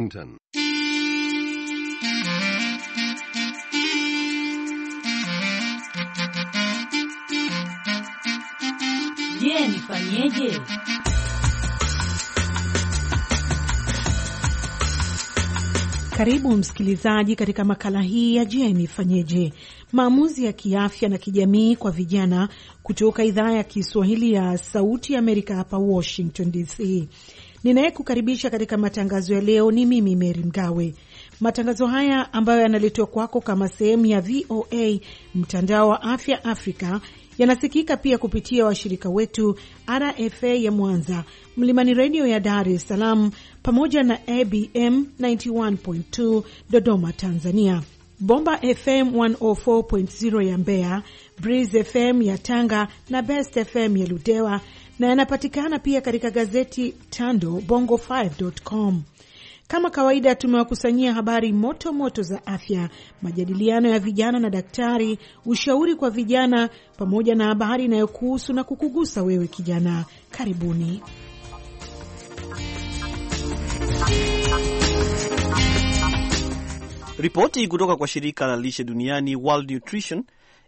Washington. Je, nifanyeje? Karibu msikilizaji katika makala hii ya Je, nifanyeje? Maamuzi ya kiafya na kijamii kwa vijana kutoka idhaa ya Kiswahili ya Sauti ya Amerika hapa Washington DC. Ninayekukaribisha katika matangazo ya leo ni mimi Meri Mgawe. Matangazo haya ambayo yanaletwa kwako kama sehemu ya VOA mtandao wa afya Afrika yanasikika pia kupitia washirika wetu RFA ya Mwanza, Mlimani Redio ya Dar es Salaam, pamoja na ABM 91.2 Dodoma, Tanzania, Bomba FM 104.0 ya Mbeya, Breeze FM ya Tanga na Best FM ya Ludewa na yanapatikana pia katika gazeti Tando Bongo5.com. Kama kawaida, tumewakusanyia habari moto moto za afya, majadiliano ya vijana na daktari, ushauri kwa vijana, pamoja na habari inayokuhusu na kukugusa wewe kijana. Karibuni. Ripoti kutoka kwa shirika la lishe duniani World Nutrition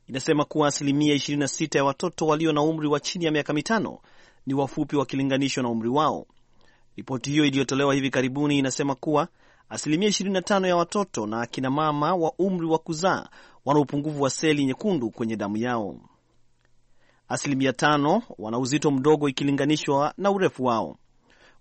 inasema kuwa asilimia 26 ya watoto walio na umri wa chini ya miaka mitano ni wafupi wakilinganishwa na umri wao. Ripoti hiyo iliyotolewa hivi karibuni inasema kuwa asilimia 25 ya watoto na akina mama wa umri wa kuzaa wana upungufu wa seli nyekundu kwenye damu yao. Asilimia tano wana uzito mdogo ikilinganishwa na urefu wao.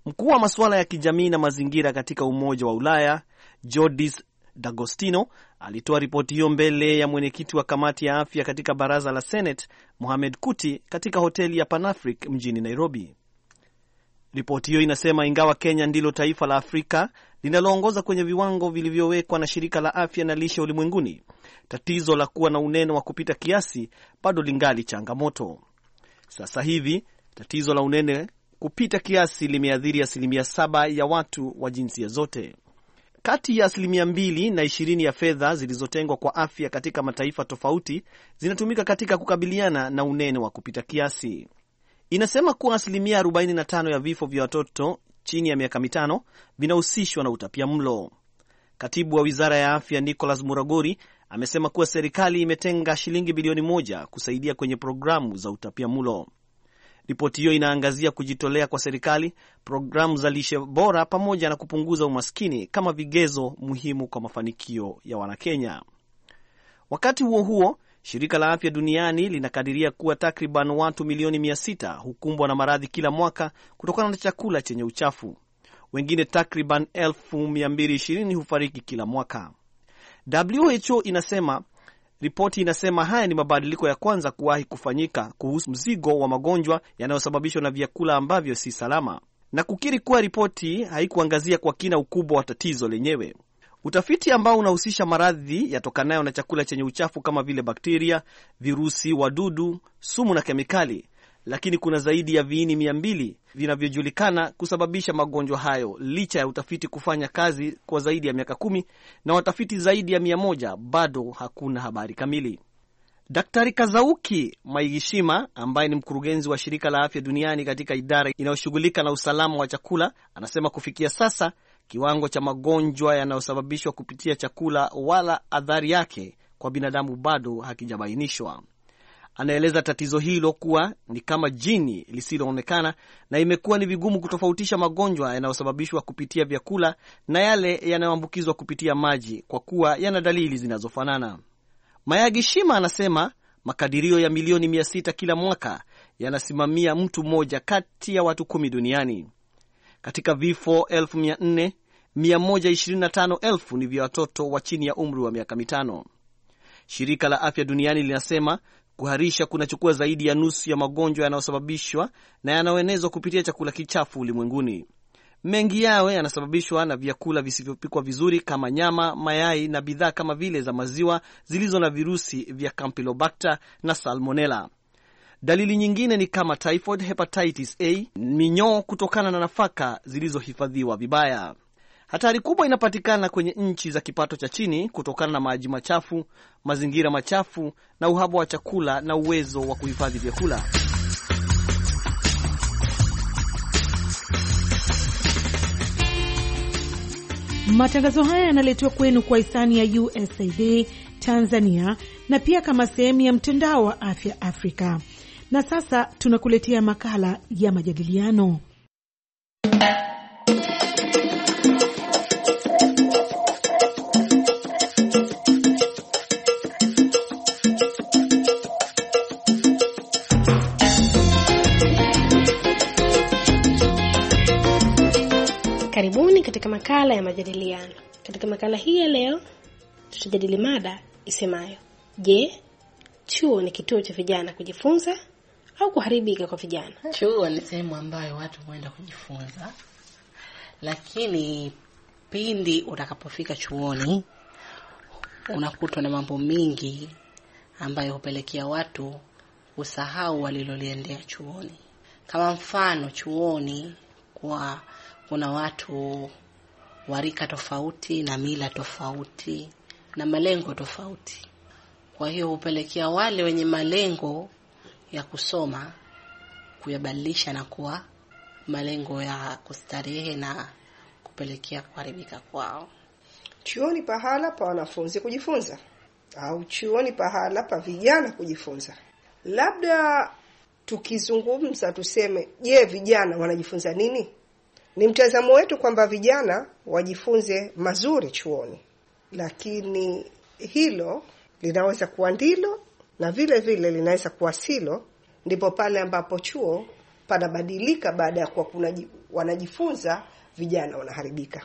Mkuu wa masuala ya kijamii na mazingira katika Umoja wa Ulaya Jordis D'Agostino Alitoa ripoti hiyo mbele ya mwenyekiti wa kamati ya afya katika baraza la Senate Mohamed Kuti katika hoteli ya Panafric mjini Nairobi. Ripoti hiyo inasema ingawa Kenya ndilo taifa la Afrika linaloongoza kwenye viwango vilivyowekwa na shirika la afya na lishe ulimwenguni, tatizo la kuwa na unene wa kupita kiasi bado lingali changamoto. Sasa hivi tatizo la unene kupita kiasi limeathiri asilimia saba ya watu wa jinsia zote. Kati ya asilimia mbili na ishirini ya fedha zilizotengwa kwa afya katika mataifa tofauti zinatumika katika kukabiliana na unene wa kupita kiasi. Inasema kuwa asilimia 45 ya vifo vya watoto chini ya miaka mitano vinahusishwa na utapia mlo. Katibu wa wizara ya afya Nicholas Muragori amesema kuwa serikali imetenga shilingi bilioni moja kusaidia kwenye programu za utapia mlo. Ripoti hiyo inaangazia kujitolea kwa serikali, programu za lishe bora, pamoja na kupunguza umaskini kama vigezo muhimu kwa mafanikio ya Wanakenya. Wakati huo huo, shirika la afya duniani linakadiria kuwa takriban watu milioni 6 hukumbwa na maradhi kila mwaka kutokana na chakula chenye uchafu. Wengine takriban elfu hufariki kila mwaka. WHO inasema Ripoti inasema haya ni mabadiliko ya kwanza kuwahi kufanyika kuhusu mzigo wa magonjwa yanayosababishwa na vyakula ambavyo si salama, na kukiri kuwa ripoti haikuangazia kwa kina ukubwa wa tatizo lenyewe. Utafiti ambao unahusisha maradhi yatokanayo na chakula chenye uchafu kama vile bakteria, virusi, wadudu, sumu na kemikali lakini kuna zaidi ya viini mia mbili vinavyojulikana kusababisha magonjwa hayo, licha ya utafiti kufanya kazi kwa zaidi ya miaka kumi na watafiti zaidi ya mia moja bado hakuna habari kamili. Daktari Kazauki Maigishima ambaye ni mkurugenzi wa shirika la afya duniani katika idara inayoshughulika na usalama wa chakula anasema kufikia sasa kiwango cha magonjwa yanayosababishwa kupitia chakula wala athari yake kwa binadamu bado hakijabainishwa. Anaeleza tatizo hilo kuwa ni kama jini lisiloonekana na imekuwa ni vigumu kutofautisha magonjwa yanayosababishwa kupitia vyakula na yale yanayoambukizwa kupitia maji kwa kuwa yana dalili zinazofanana. mayagi shima anasema makadirio ya milioni mia sita kila mwaka yanasimamia mtu mmoja kati ya watu kumi duniani. Katika vifo elfu mia nne 125,000 ni vya watoto wa chini ya umri wa miaka mitano. Shirika la Afya Duniani linasema Kuharisha kunachukua zaidi ya nusu ya magonjwa yanayosababishwa na yanayoenezwa kupitia chakula kichafu ulimwenguni. Mengi yao yanasababishwa na vyakula visivyopikwa vizuri kama nyama, mayai na bidhaa kama vile za maziwa zilizo na virusi vya Campylobacter na Salmonella. Dalili nyingine ni kama typhoid, hepatitis A, minyoo kutokana na nafaka zilizohifadhiwa vibaya. Hatari kubwa inapatikana kwenye nchi za kipato cha chini kutokana na maji machafu, mazingira machafu na uhaba wa chakula na uwezo wa kuhifadhi vyakula. Matangazo haya yanaletwa kwenu kwa hisani ya USAID Tanzania na pia kama sehemu ya mtandao wa afya Afrika. Na sasa tunakuletea makala ya majadiliano Karibuni katika makala ya majadiliano. Katika makala hii ya leo, tutajadili mada isemayo, je, chuo ni kituo cha vijana kujifunza au kuharibika kwa vijana? Chuo ni sehemu ambayo watu huenda kujifunza, lakini pindi utakapofika chuoni unakutwa na mambo mingi ambayo hupelekea watu usahau waliloliendea chuoni. Kama mfano, chuoni kwa kuna watu warika tofauti na mila tofauti na malengo tofauti. Kwa hiyo hupelekea wale wenye malengo ya kusoma kuyabadilisha na kuwa malengo ya kustarehe na kupelekea kuharibika kwao. chuoni pahala pa wanafunzi kujifunza au chuoni pahala pa vijana kujifunza? Labda tukizungumza tuseme, je, vijana wanajifunza nini? Ni mtazamo wetu kwamba vijana wajifunze mazuri chuoni, lakini hilo linaweza kuwa ndilo na vile vile linaweza kuwa silo. Ndipo pale ambapo chuo panabadilika baada ya kuwa kuna wanajifunza vijana wanaharibika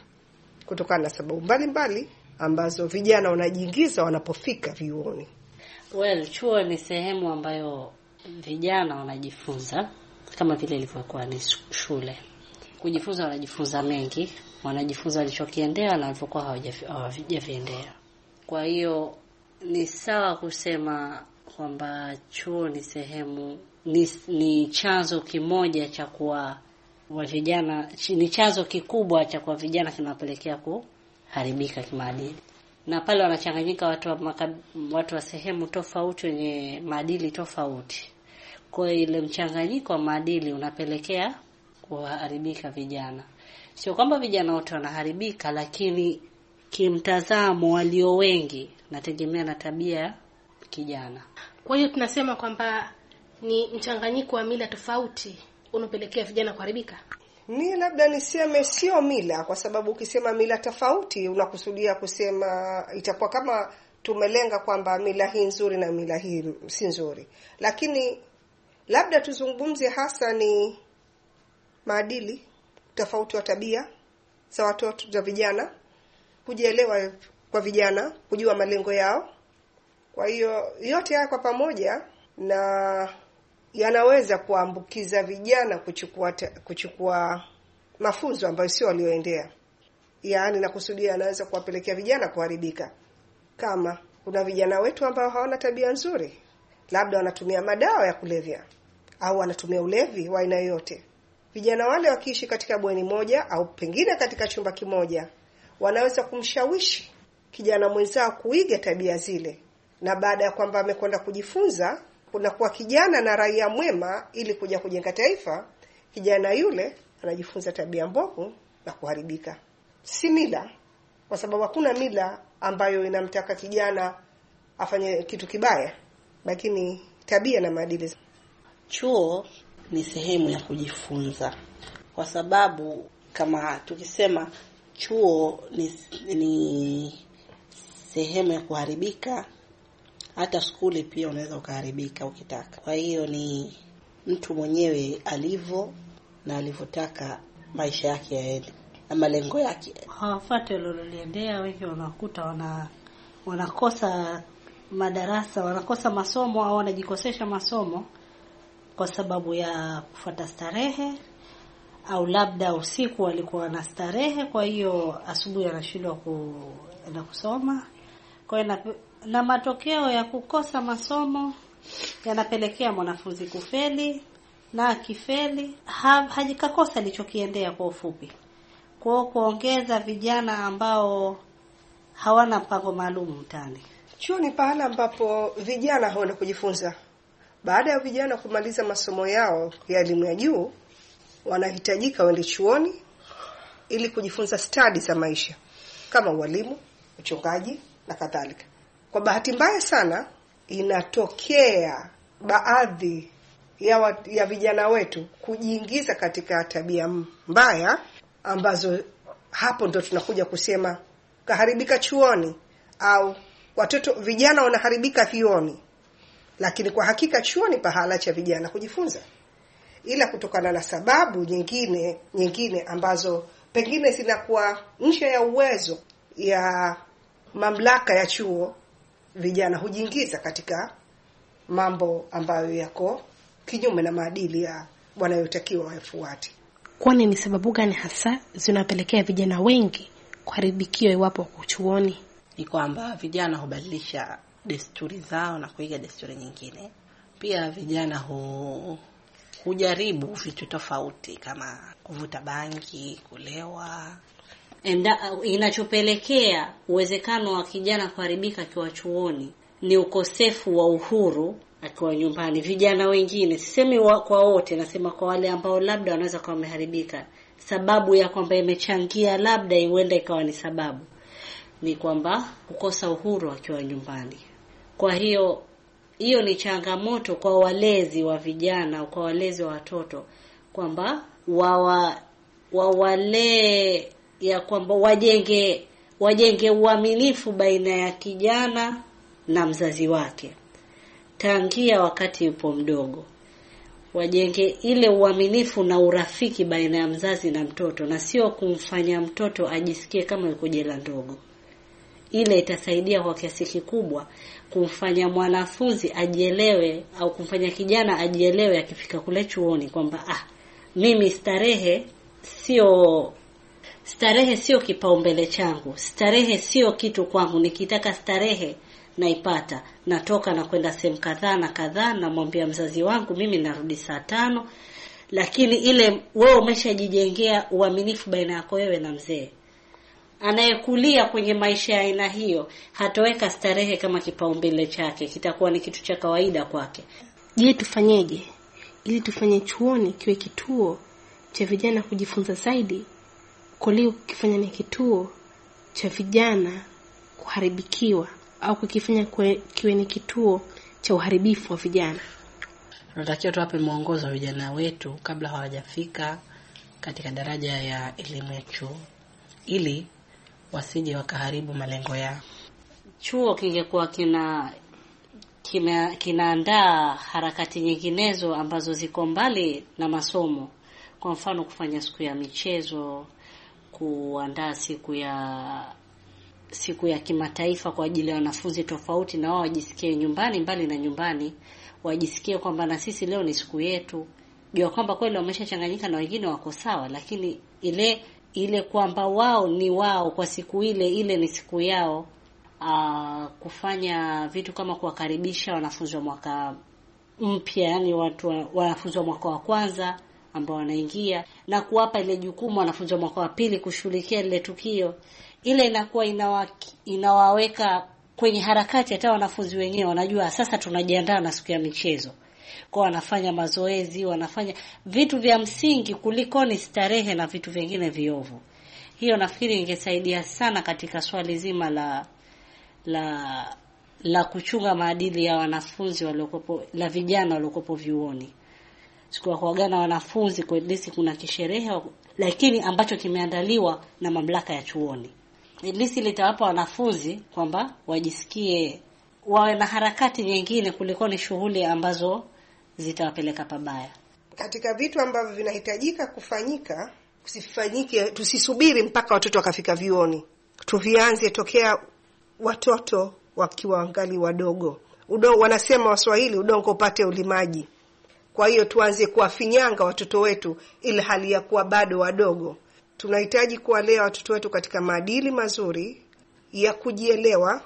kutokana na sababu mbalimbali mbali, ambazo vijana wanajiingiza wanapofika vyuoni. Well, chuo ni sehemu ambayo vijana wanajifunza kama vile ilivyokuwa ni shule kujifunza, wanajifunza mengi, wanajifunza walichokiendea na walivyokuwa hawajaviendea. Kwa hiyo ni sawa kusema kwamba chuo ni sehemu ni, ni chanzo kimoja cha kuwa wa vijana, ni chanzo kikubwa cha kuwa vijana kinawapelekea kuharibika kimaadili, na pale wanachanganyika watu wa makab, watu wa sehemu tofauti wenye maadili tofauti. Kwa ile mchanganyiko wa maadili unapelekea kuharibika vijana. Sio kwamba vijana wote wanaharibika, lakini kimtazamo walio wengi nategemea na tabia ya kijana. Kwa hiyo tunasema kwamba ni mchanganyiko wa mila tofauti unaopelekea vijana kuharibika. Ni labda niseme sio mila, kwa sababu ukisema mila tofauti unakusudia kusema itakuwa kama tumelenga kwamba mila hii nzuri na mila hii si nzuri, lakini labda tuzungumze hasa ni maadili, tofauti wa tabia za watoto za vijana, kujielewa kwa vijana, kujua malengo yao. Kwa hiyo yote haya kwa pamoja na yanaweza kuambukiza vijana kuchukua te, kuchukua mafunzo ambayo sio walioendea, yaani nakusudia, yanaweza kuwapelekea vijana kuharibika. Kama kuna vijana wetu ambao hawana tabia nzuri, labda wanatumia madawa ya kulevya au wanatumia ulevi wa aina yoyote, Vijana wale wakiishi katika bweni moja au pengine katika chumba kimoja, wanaweza kumshawishi kijana mwenzao kuiga tabia zile, na baada ya kwamba amekwenda kujifunza kuna kuwa kijana na raia mwema ili kuja kujenga taifa, kijana yule anajifunza tabia mbovu na kuharibika. Si mila, kwa sababu hakuna mila ambayo inamtaka kijana afanye kitu kibaya, lakini tabia na maadili. Chuo ni sehemu ya kujifunza, kwa sababu kama tukisema chuo ni, ni sehemu ya kuharibika, hata skuli pia unaweza ukaharibika ukitaka. Kwa hiyo ni mtu mwenyewe alivyo na alivyotaka maisha yake yaende na malengo yake, hawafuate waliloliendea. Wengi wanakuta wana wanakosa madarasa, wanakosa masomo au wanajikosesha masomo kwa sababu ya kufuata starehe au labda usiku walikuwa na starehe, kwa hiyo asubuhi anashindwa ku, na kusoma. Kwa hiyo na, na matokeo ya kukosa masomo yanapelekea mwanafunzi kufeli, na akifeli ha, hajikakosa alichokiendea. Kwa ufupi, kwa kuongeza vijana ambao hawana mpango maalum mtaani. Chuo ni pahala ambapo vijana hawana kujifunza baada ya vijana kumaliza masomo yao ya elimu ya juu, wanahitajika waende chuoni ili kujifunza stadi za maisha kama ualimu, uchungaji na kadhalika. Kwa bahati mbaya sana, inatokea baadhi ya, wa, ya vijana wetu kujiingiza katika tabia mbaya ambazo hapo ndo tunakuja kusema kaharibika chuoni au watoto vijana wanaharibika vioni. Lakini kwa hakika chuo ni pahala cha vijana kujifunza, ila kutokana na sababu nyingine nyingine ambazo pengine zinakuwa nje ya uwezo ya mamlaka ya chuo, vijana hujiingiza katika mambo ambayo yako kinyume na maadili ya wanayotakiwa wafuati Kwani ni sababu gani hasa zinapelekea vijana wengi kuharibikiwa iwapo wako chuoni? Ni kwamba vijana hubadilisha desturi zao na kuiga desturi nyingine. Pia vijana hu hujaribu vitu tofauti kama kuvuta bangi, kulewa Enda, inachopelekea uwezekano wa kijana kuharibika akiwa chuoni ni ukosefu wa uhuru akiwa nyumbani. Vijana wengine, sisemi kwa wote, nasema kwa wale ambao labda wanaweza kuwa wameharibika, sababu ya kwamba imechangia labda, iwenda ikawa ni sababu ni kwamba kukosa uhuru akiwa nyumbani. Kwa hiyo hiyo ni changamoto kwa walezi wa vijana, kwa walezi wa watoto kwamba wawa wawalee ya kwamba wajenge wajenge uaminifu baina ya kijana na mzazi wake tangia wakati yupo mdogo, wajenge ile uaminifu na urafiki baina ya mzazi na mtoto, na sio kumfanya mtoto ajisikie kama yuko jela ndogo. Ile itasaidia kwa kiasi kikubwa kumfanya mwanafunzi ajielewe au kumfanya kijana ajielewe akifika kule chuoni kwamba ah, mimi starehe sio starehe sio kipaumbele changu, starehe sio kitu kwangu. Nikitaka starehe naipata, natoka na kwenda sehemu kadhaa na kadhaa, namwambia mzazi wangu mimi narudi saa tano. Lakini ile wewe umeshajijengea uaminifu baina yako wewe na mzee anayekulia kwenye maisha ya aina hiyo hatoweka starehe kama kipaumbele chake, kitakuwa ni kitu cha kawaida kwake. Je, tufanyeje ili tufanye chuoni kiwe kituo cha vijana kujifunza zaidi kuliko kukifanya ni kituo cha vijana kuharibikiwa au kukifanya kiwe ni kituo cha uharibifu wa vijana? Tunatakiwa tuwape mwongozo wa vijana wetu kabla hawajafika katika daraja ya elimu ya chuo ili wasije wakaharibu malengo yao. Chuo kingekuwa kina kina kinaandaa harakati nyinginezo ambazo ziko mbali na masomo, kwa mfano kufanya siku ya michezo, kuandaa siku ya siku ya kimataifa kwa ajili ya wanafunzi tofauti, na wao wajisikie nyumbani, mbali na nyumbani, wajisikie kwamba na sisi leo ni siku yetu, jua kwamba kweli wameshachanganyika na wengine wako sawa, lakini ile ile kwamba wao ni wao kwa siku ile ile, ni siku yao. Uh, kufanya vitu kama kuwakaribisha wanafunzi wa mwaka mpya, yani watu wanafunzi wa mwaka wa kwanza ambao wanaingia na kuwapa ile jukumu wanafunzi wa mwaka wa pili kushughulikia lile tukio, ile inakuwa inawa, inawaweka kwenye harakati. Hata wanafunzi wenyewe wanajua sasa tunajiandaa na siku ya michezo kwa wanafanya mazoezi, wanafanya vitu vya msingi kuliko ni starehe na vitu vingine viovu. Hiyo nafikiri ingesaidia sana katika swali zima la la la kuchunga maadili ya wanafunzi waliokuwepo, la vijana waliokuwepo vyuoni. Sikuwa kuagana wanafunzi kwa least kuna kisherehe, lakini ambacho kimeandaliwa na mamlaka ya chuoni, ilisi litawapa wanafunzi kwamba wajisikie wawe na harakati nyingine kuliko ni shughuli ambazo zitawapeleka pabaya. Katika vitu ambavyo vinahitajika kufanyika, kusifanyike, tusisubiri mpaka watoto wakafika vioni, tuvianze tokea watoto wakiwa wangali wadogo. Udongo, wanasema Waswahili, udongo upate ulimaji. Kwa hiyo tuanze kuwafinyanga watoto wetu ili hali ya kuwa bado wadogo. Tunahitaji kuwalea watoto wetu katika maadili mazuri ya kujielewa,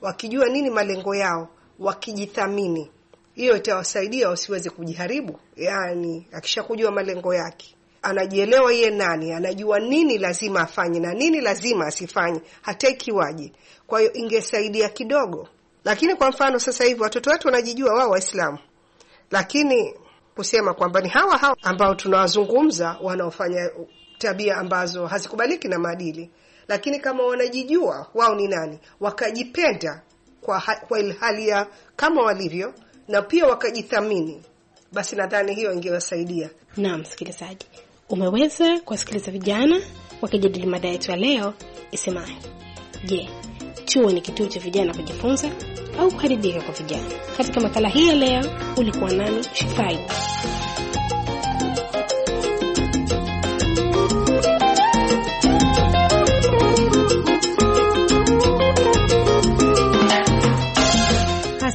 wakijua nini malengo yao, wakijithamini hiyo itawasaidia wasiweze kujiharibu. Yani akishakujua malengo yake, anajielewa yeye nani, anajua nini lazima afanye na nini lazima asifanye, hata ikiwaje. Kwa hiyo ingesaidia kidogo, lakini kwa mfano sasa hivi watoto wetu wanajijua wao Waislamu, lakini kusema kwamba ni hawa hawa ambao tunawazungumza wanaofanya tabia ambazo hazikubaliki na maadili, lakini kama wanajijua wao ni nani, wakajipenda kwa, kwa hali ya kama walivyo na pia wakajithamini, basi nadhani hiyo ingewasaidia. Naam, msikilizaji, umeweza kuwasikiliza vijana wakijadili mada yetu ya leo isemayo, je, chuo ni kituo cha vijana kujifunza au kuharibika kwa vijana? Katika makala hii ya leo ulikuwa nami Shifai.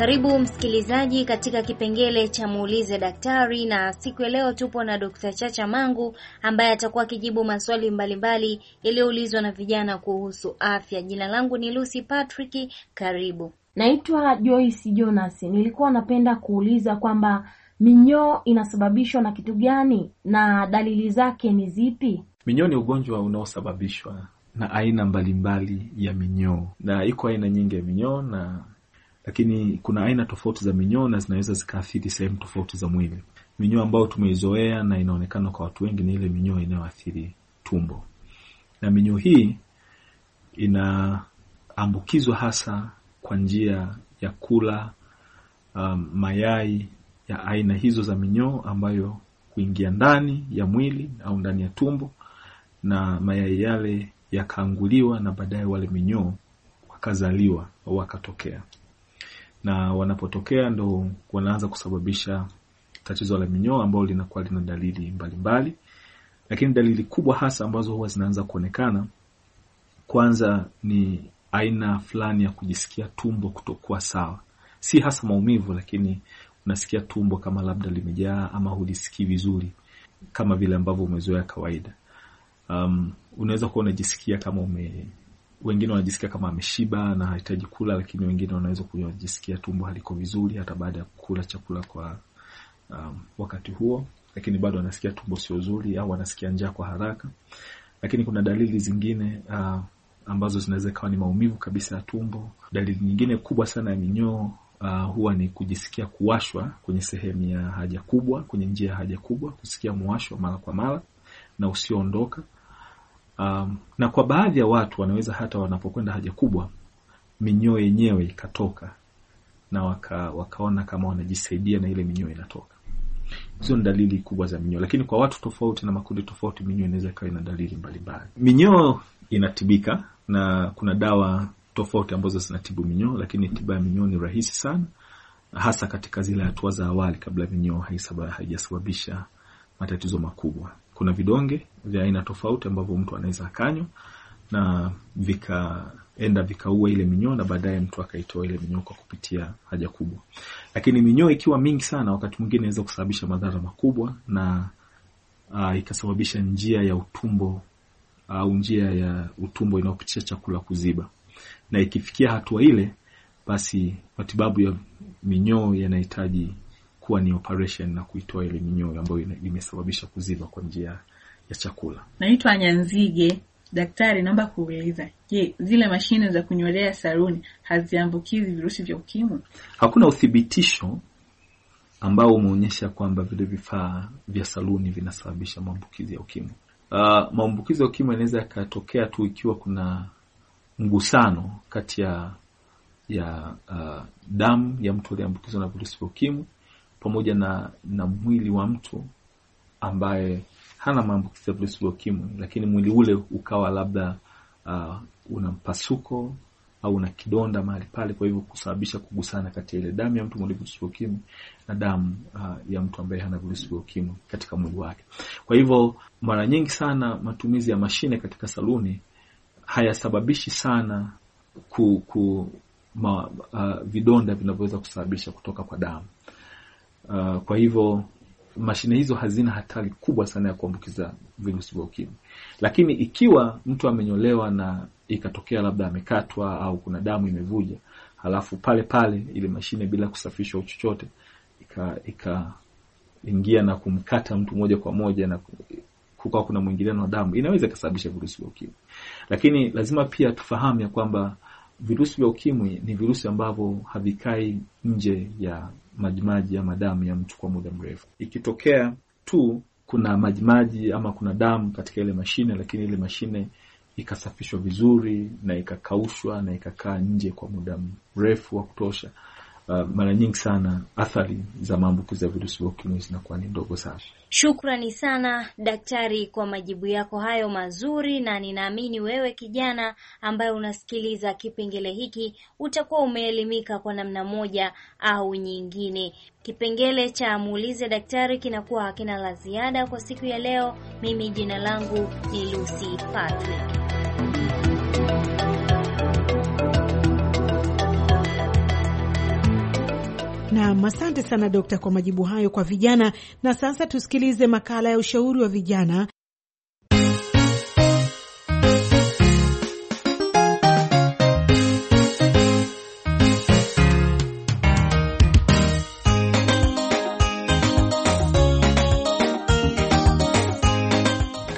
Karibu msikilizaji katika kipengele cha muulize daktari, na siku ya leo tupo na Dkt. Chacha Mangu ambaye atakuwa akijibu maswali mbalimbali yaliyoulizwa na vijana kuhusu afya. Jina langu ni Lucy Patrick, karibu. Naitwa Joyce Jonas. Nilikuwa napenda kuuliza kwamba minyoo inasababishwa na kitu gani na dalili zake ni zipi? Minyoo ni ugonjwa unaosababishwa na aina mbalimbali mbali ya minyoo, na iko aina nyingi ya minyoo na lakini kuna aina tofauti za minyoo na zinaweza zikaathiri sehemu tofauti za mwili. Minyoo ambayo tumeizoea na inaonekana kwa watu wengi ni ile minyoo inayoathiri tumbo, na minyoo hii inaambukizwa hasa kwa njia ya kula um, mayai ya aina hizo za minyoo ambayo kuingia ndani ya mwili au ndani ya tumbo na mayai yale yakaanguliwa na baadaye wale minyoo wakazaliwa au wakatokea na wanapotokea ndo wanaanza kusababisha tatizo la minyoo ambalo linakuwa lina dalili mbalimbali mbali. Lakini dalili kubwa hasa ambazo huwa zinaanza kuonekana kwanza ni aina fulani ya kujisikia tumbo kutokuwa sawa, si hasa maumivu, lakini unasikia tumbo kama labda limejaa ama hulisikii vizuri kama vile ambavyo umezoea kawaida. Um, unaweza kuwa unajisikia kama ume wengine wanajisikia kama ameshiba na hahitaji kula, lakini wengine wanaweza kujisikia tumbo haliko vizuri hata baada ya kula chakula kwa um, wakati huo, lakini bado wanasikia tumbo sio zuri au wanasikia njaa kwa haraka. Lakini kuna dalili zingine uh, ambazo zinaweza kawa ni maumivu kabisa ya tumbo. Dalili nyingine kubwa sana ya minyoo Uh, huwa ni kujisikia kuwashwa kwenye sehemu ya haja kubwa, kwenye njia ya haja kubwa, kusikia muwasho mara kwa mara na usioondoka um, na kwa baadhi ya watu wanaweza hata wanapokwenda haja kubwa minyoo yenyewe ikatoka na waka, wakaona kama wanajisaidia na ile minyoo inatoka. Hizo ni dalili kubwa za minyoo, lakini kwa watu tofauti na makundi tofauti minyoo inaweza ikawa ina dalili mbalimbali. Minyoo inatibika na kuna dawa tofauti ambazo zinatibu minyoo, lakini tiba ya minyoo ni rahisi sana, hasa katika zile hatua za awali kabla minyoo haijasababisha matatizo makubwa kuna vidonge vya aina tofauti ambavyo mtu anaweza akanywa na vikaenda vikaua ile minyoo na baadaye mtu akaitoa ile minyoo kwa kupitia haja kubwa. Lakini minyoo ikiwa mingi sana, wakati mwingine inaweza kusababisha madhara makubwa na uh, ikasababisha njia ya utumbo au uh, njia ya utumbo inayopitisha chakula kuziba, na ikifikia hatua ile, basi matibabu ya minyoo yanahitaji kuwa ni operation na kuitoa ile minyoo ambayo imesababisha kuziba kwa njia ya chakula. Naitwa Nyanzige. Daktari, naomba kuuliza, je, zile mashine za kunyolea saruni haziambukizi virusi vya ukimwi? Hakuna uthibitisho ambao umeonyesha kwamba vile vifaa vya saluni vinasababisha maambukizi ya ukimwi. Uh, maambukizi ya ukimwi yanaweza yakatokea tu ikiwa kuna mgusano kati ya ya uh, damu ya mtu aliyeambukizwa na virusi vya ukimwi pamoja na na mwili wa mtu ambaye hana maambukizi ya virusi vya ukimwi, lakini mwili ule ukawa labda uh, una mpasuko au una kidonda mahali pale, kwa hivyo kusababisha kugusana kati ya ile damu ya mtu mwenye virusi vya ukimwi na damu uh, ya mtu ambaye hana virusi vya ukimwi katika mwili wake. Kwa hivyo mara nyingi sana matumizi ya mashine katika saluni hayasababishi sana ku, ku ma, uh, vidonda vinavyoweza kusababisha kutoka kwa damu. Uh, kwa hivyo mashine hizo hazina hatari kubwa sana ya kuambukiza virusi vya ukimwi. Lakini ikiwa mtu amenyolewa na ikatokea labda amekatwa au kuna damu imevuja, halafu pale pale ile mashine bila kusafishwa chochote ikaingia ika na kumkata mtu moja kwa moja na kukawa kuna mwingiliano wa damu, inaweza ikasababisha virusi vya ukimwi. Lakini lazima pia tufahamu ya kwamba virusi vya ukimwi ni virusi ambavyo havikai nje ya majimaji ama damu ya mtu kwa muda mrefu. Ikitokea tu kuna majimaji ama kuna damu katika ile mashine, lakini ile mashine ikasafishwa vizuri na ikakaushwa na ikakaa nje kwa muda mrefu wa kutosha, Uh, mara nyingi sana athari za maambukizi ya virusi vya ukimwi zinakuwa ni ndogo sana. Shukrani sana daktari kwa majibu yako hayo mazuri, na ninaamini wewe kijana ambaye unasikiliza kipengele hiki utakuwa umeelimika kwa namna moja au nyingine. Kipengele cha muulize daktari kinakuwa hakina la ziada kwa siku ya leo. Mimi jina langu ni Lucy Patrick. Nam, asante sana dokta kwa majibu hayo kwa vijana. Na sasa tusikilize makala ya ushauri wa vijana.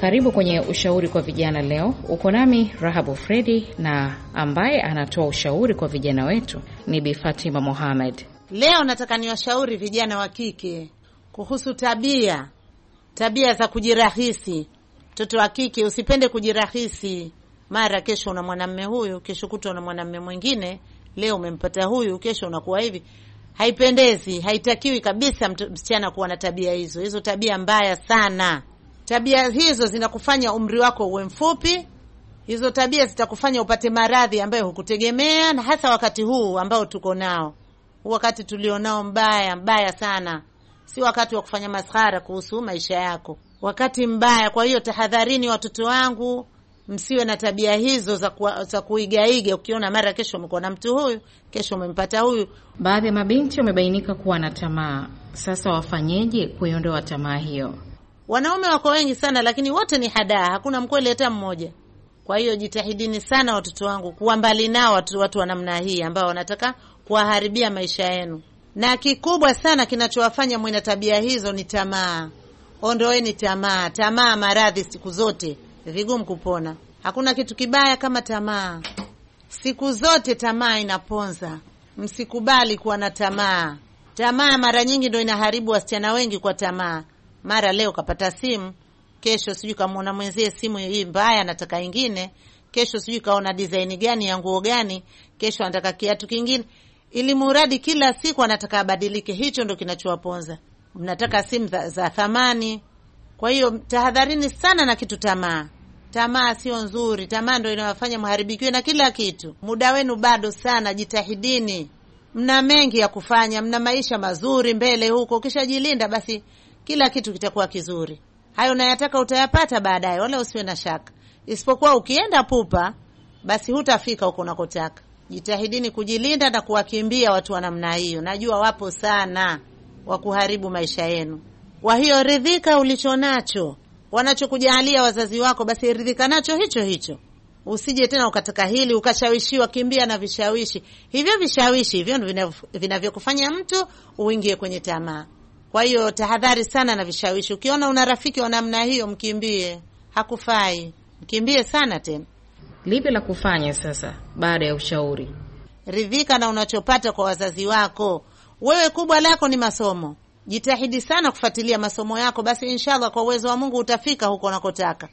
Karibu kwenye ushauri kwa vijana. Leo uko nami Rahabu Fredi, na ambaye anatoa ushauri kwa vijana wetu ni Bi Fatima Mohamed. Leo nataka niwashauri vijana wa kike kuhusu tabia, tabia za kujirahisi. Mtoto wa kike usipende kujirahisi, mara kesho una mwanamme huyu, kesho kutwa una mwanamme mwingine, leo umempata huyu, kesho unakuwa hivi. Haipendezi, haitakiwi kabisa msichana kuwa na tabia hizo. Hizo tabia mbaya sana, tabia hizo zinakufanya umri wako uwe mfupi. Hizo tabia zitakufanya upate maradhi ambayo hukutegemea, na hasa wakati huu ambao tuko nao wakati tulionao mbaya mbaya sana, si wakati wa kufanya maskhara kuhusu maisha yako, wakati mbaya. Kwa hiyo tahadharini, watoto wangu, msiwe na tabia hizo za, ku, za kuigaiga. Ukiona mara kesho umekuwa na mtu huyu, kesho umempata huyu. Baadhi ya mabinti wamebainika kuwa na tamaa. Sasa wafanyeje kuiondoa tamaa hiyo? Wanaume wako wengi sana, lakini wote ni hadaa, hakuna mkweli hata mmoja. Kwa hiyo jitahidini sana, watoto wangu, kuwa mbali nao watu, watu wa namna hii ambao wanataka kuwaharibia maisha yenu, na kikubwa sana kinachowafanya mwina tabia hizo ni tamaa. Ondoeni tamaa. Tamaa maradhi siku zote, vigumu kupona. Hakuna kitu kibaya kama tamaa, siku zote tamaa inaponza. Msikubali kuwa na tamaa. Tamaa mara nyingi ndo inaharibu wasichana wengi kwa tamaa. Mara leo kapata simu, kesho sijui kamwona mwenzie simu hii mbaya, anataka ingine, kesho sijui kaona dizaini gani ya nguo gani, kesho anataka kiatu kingine ili muradi kila siku anataka abadilike. Hicho ndo kinachowaponza. Mnataka simu za, za thamani. Kwa hiyo tahadharini sana na kitu tamaa. Tamaa sio nzuri, tamaa ndo inawafanya mharibikiwe na kila kitu. Muda wenu bado sana, jitahidini, mna mengi ya kufanya, mna maisha mazuri mbele huko. Ukishajilinda basi kila kitu kitakuwa kizuri. Hayo unayataka utayapata baadaye, wala usiwe na shaka, isipokuwa ukienda pupa, basi hutafika huko unakotaka. Jitahidini kujilinda na kuwakimbia watu wa namna hiyo, najua wapo sana wa kuharibu maisha yenu. Kwa hiyo ridhika ulichonacho, wanachokujalia wazazi wako, basi ridhika nacho hicho hicho. Usije tena ukataka hili ukashawishiwa, kimbia na vishawishi hivyo. Vishawishi hivyo vinavyokufanya mtu uingie kwenye tamaa. Kwa hiyo tahadhari sana na vishawishi. Ukiona una rafiki wa namna hiyo, mkimbie, hakufai. Mkimbie sana tena. Lipi la kufanya sasa baada ya ushauri? Ridhika na unachopata kwa wazazi wako. Wewe kubwa lako ni masomo, jitahidi sana kufuatilia masomo yako, basi inshallah, kwa uwezo wa Mungu utafika huko unakotaka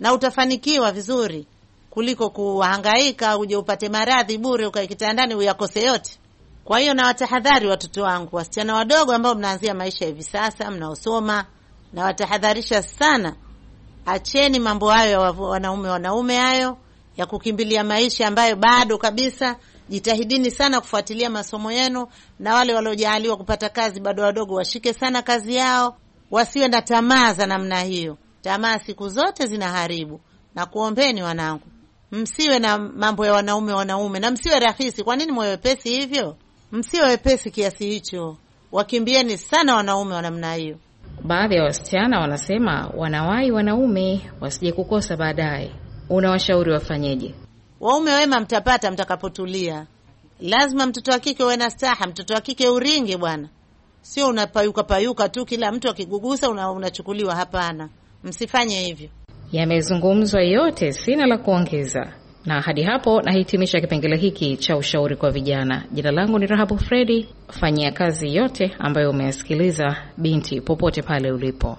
na utafanikiwa vizuri kuliko kuhangaika uje upate maradhi bure ukae kitandani uyakose yote. Kwa hiyo nawatahadhari watoto wangu, wasichana wadogo ambao mnaanzia maisha hivi sasa, mnaosoma, nawatahadharisha sana, acheni mambo hayo ya wanaume wanaume hayo ya kukimbilia maisha ambayo bado kabisa. Jitahidini sana kufuatilia masomo yenu, na wale waliojaaliwa kupata kazi bado wadogo washike sana kazi yao, wasiwe na tamaa za namna hiyo. Tamaa siku zote zinaharibu, na kuombeni wanangu, msiwe na mambo ya wanaume wanaume, na msiwe rahisi. Kwa nini wepesi hivyo? Msiwe wepesi kiasi hicho, wakimbieni sana wanaume wa namna hiyo. Baadhi ya wasichana wanasema wanawai wanaume wasije kukosa baadaye unawashauri wafanyeje? Waume wema mtapata mtakapotulia. Lazima mtoto wa kike uwe na staha, mtoto wa kike uringe bwana, sio unapayuka payuka tu, kila mtu akigugusa unachukuliwa. Hapana, msifanye hivyo. Yamezungumzwa yote, sina la kuongeza, na hadi hapo nahitimisha kipengele hiki cha ushauri kwa vijana. Jina langu ni Rahabu Fredi. Fanyia kazi yote ambayo umeyasikiliza, binti, popote pale ulipo.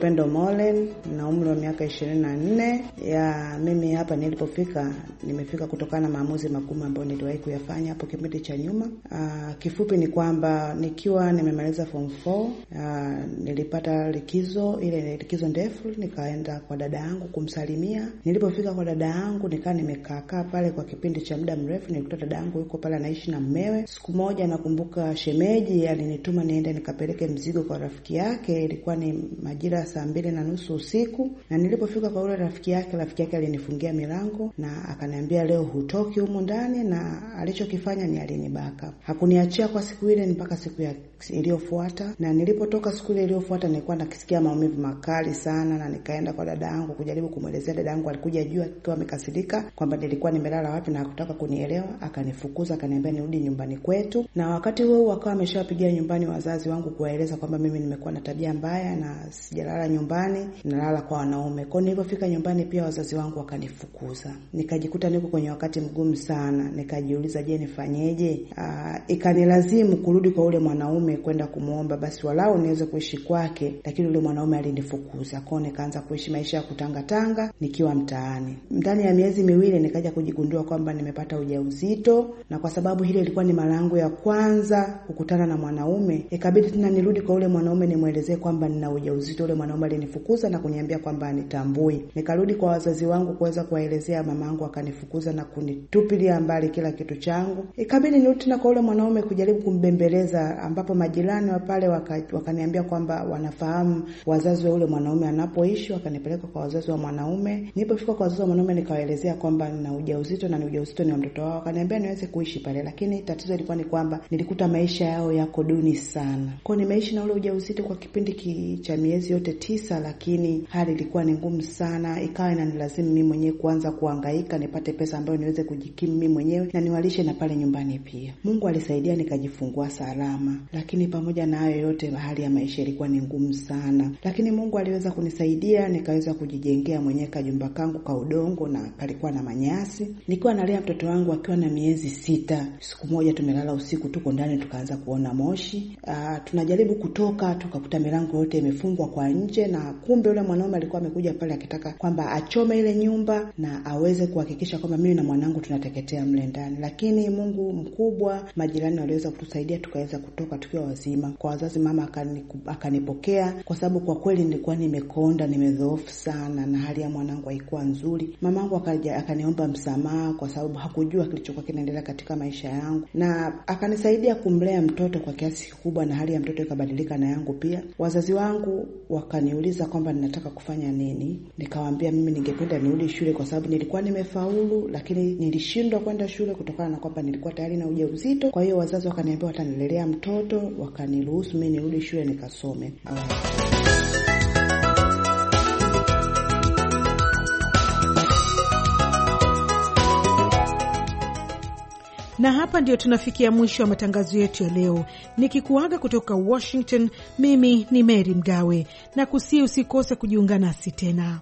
Upendo Molen na umri wa miaka 24. Ya mimi hapa nilipofika, nimefika kutokana na maamuzi makubwa ambayo niliwahi kuyafanya hapo kipindi cha nyuma. Uh, kifupi ni kwamba nikiwa nimemaliza form 4 uh, ah, nilipata likizo ile likizo ndefu, nikaenda kwa dada yangu kumsalimia. Nilipofika kwa dada yangu nikaa nimekaakaa pale kwa kipindi cha muda mrefu, nilikuta dada yangu yuko pale anaishi na mmewe. Siku moja nakumbuka shemeji alinituma niende nikapeleke mzigo kwa rafiki yake, ilikuwa ni majira saa mbili na nusu usiku, na nilipofika kwa yule rafiki yake, rafiki yake alinifungia milango na akaniambia, leo hutoki humu ndani, na alichokifanya ni alinibaka. Hakuniachia kwa siku ile mpaka siku ya iliyofuata, na nilipotoka siku ile iliyofuata nilikuwa nakisikia maumivu makali sana, na nikaenda kwa dada yangu kujaribu kumwelezea. Dada yangu alikuja juu akiwa amekasirika kwamba nilikuwa nimelala wapi na hakutaka kunielewa, akanifukuza, akaniambia nirudi nyumbani kwetu, na wakati huo akawa ameshawapigia nyumbani wazazi wangu kuwaeleza kwamba mimi nimekuwa na tabia mbaya na sijalala nalala nyumbani, nalala kwa wanaume. Kwao nilipofika nyumbani, pia wazazi wangu wakanifukuza, nikajikuta niko kwenye wakati mgumu sana. Nikajiuliza, je, nifanyeje? Ah, ikanilazimu kurudi kwa ule mwanaume kwenda kumwomba basi walau niweze kuishi kwake, lakini ule mwanaume alinifukuza. Kwao nikaanza kuishi maisha ya kutangatanga nikiwa mtaani. Ndani ya miezi miwili nikaja kujigundua kwamba nimepata ujauzito, na kwa sababu hili ilikuwa ni mara yangu ya kwanza kukutana na mwanaume, ikabidi tena nirudi kwa ule mwanaume nimwelezee kwamba nina ujauzito ule mwanaume alinifukuza na kuniambia kwamba anitambui. Nikarudi kwa wazazi wangu kuweza kuwaelezea, mamangu akanifukuza na kunitupilia mbali kila kitu changu. Ikabidi nirudi tena kwa ule mwanaume kujaribu kumbembeleza, ambapo majirani wa pale wakaniambia waka kwamba wanafahamu wazazi wa ule mwanaume anapoishi, wakanipeleka kwa wazazi wa mwanaume. Nilipofika kwa wazazi wa mwanaume, nikawaelezea kwamba nina ujauzito na ni ujauzito ni wa mtoto wao, wakaniambia niweze kuishi pale, lakini tatizo ilikuwa ni kwamba nilikuta maisha yao yako duni sana. Kwao nimeishi na ule ujauzito kwa kipindi cha miezi yote yote tisa, lakini hali ilikuwa ni ngumu sana, ikawa inanilazimu mimi mwenyewe kuanza kuhangaika nipate pesa ambayo niweze kujikimu mimi mwenyewe na niwalishe na pale nyumbani pia. Mungu alisaidia nikajifungua salama, lakini pamoja na hayo yote, hali ya maisha ilikuwa ni ngumu sana, lakini Mungu aliweza kunisaidia nikaweza kujijengea mwenyewe kajumba kangu ka udongo na kalikuwa na manyasi, nikiwa nalea mtoto wangu akiwa na miezi sita. Siku moja tumelala usiku, tuko ndani, tukaanza kuona moshi. Aa, ah, tunajaribu kutoka, tukakuta milango yote imefungwa kwa nje, na kumbe yule mwanaume alikuwa amekuja pale akitaka kwamba achome ile nyumba na aweze kuhakikisha kwamba mimi na mwanangu tunateketea mle ndani, lakini Mungu mkubwa, majirani waliweza kutusaidia tukaweza kutoka tukiwa wazima. Kwa wazazi, mama akanipokea kwa sababu kwa kweli nilikuwa nimekonda, nimedhoofu sana, na hali ya mwanangu haikuwa nzuri. Mamangu akaja akaniomba msamaha kwa sababu hakujua kilichokuwa kinaendelea katika maisha yangu, na akanisaidia kumlea mtoto kwa kiasi kikubwa, na hali ya mtoto ikabadilika na yangu pia. Wazazi wangu wak ukaniuliza kwamba ninataka kufanya nini. Nikawaambia mimi ningependa nirudi shule kwa sababu nilikuwa nimefaulu, lakini nilishindwa kwenda shule kutokana na kwamba nilikuwa tayari na ujauzito. Kwa hiyo wazazi wakaniambia watanilelea mtoto, wakaniruhusu mimi nirudi shule nikasome. uh. Na hapa ndio tunafikia mwisho wa matangazo yetu ya leo, nikikuaga kutoka Washington. Mimi ni Mary Mgawe na kusii, usikose kujiunga nasi tena.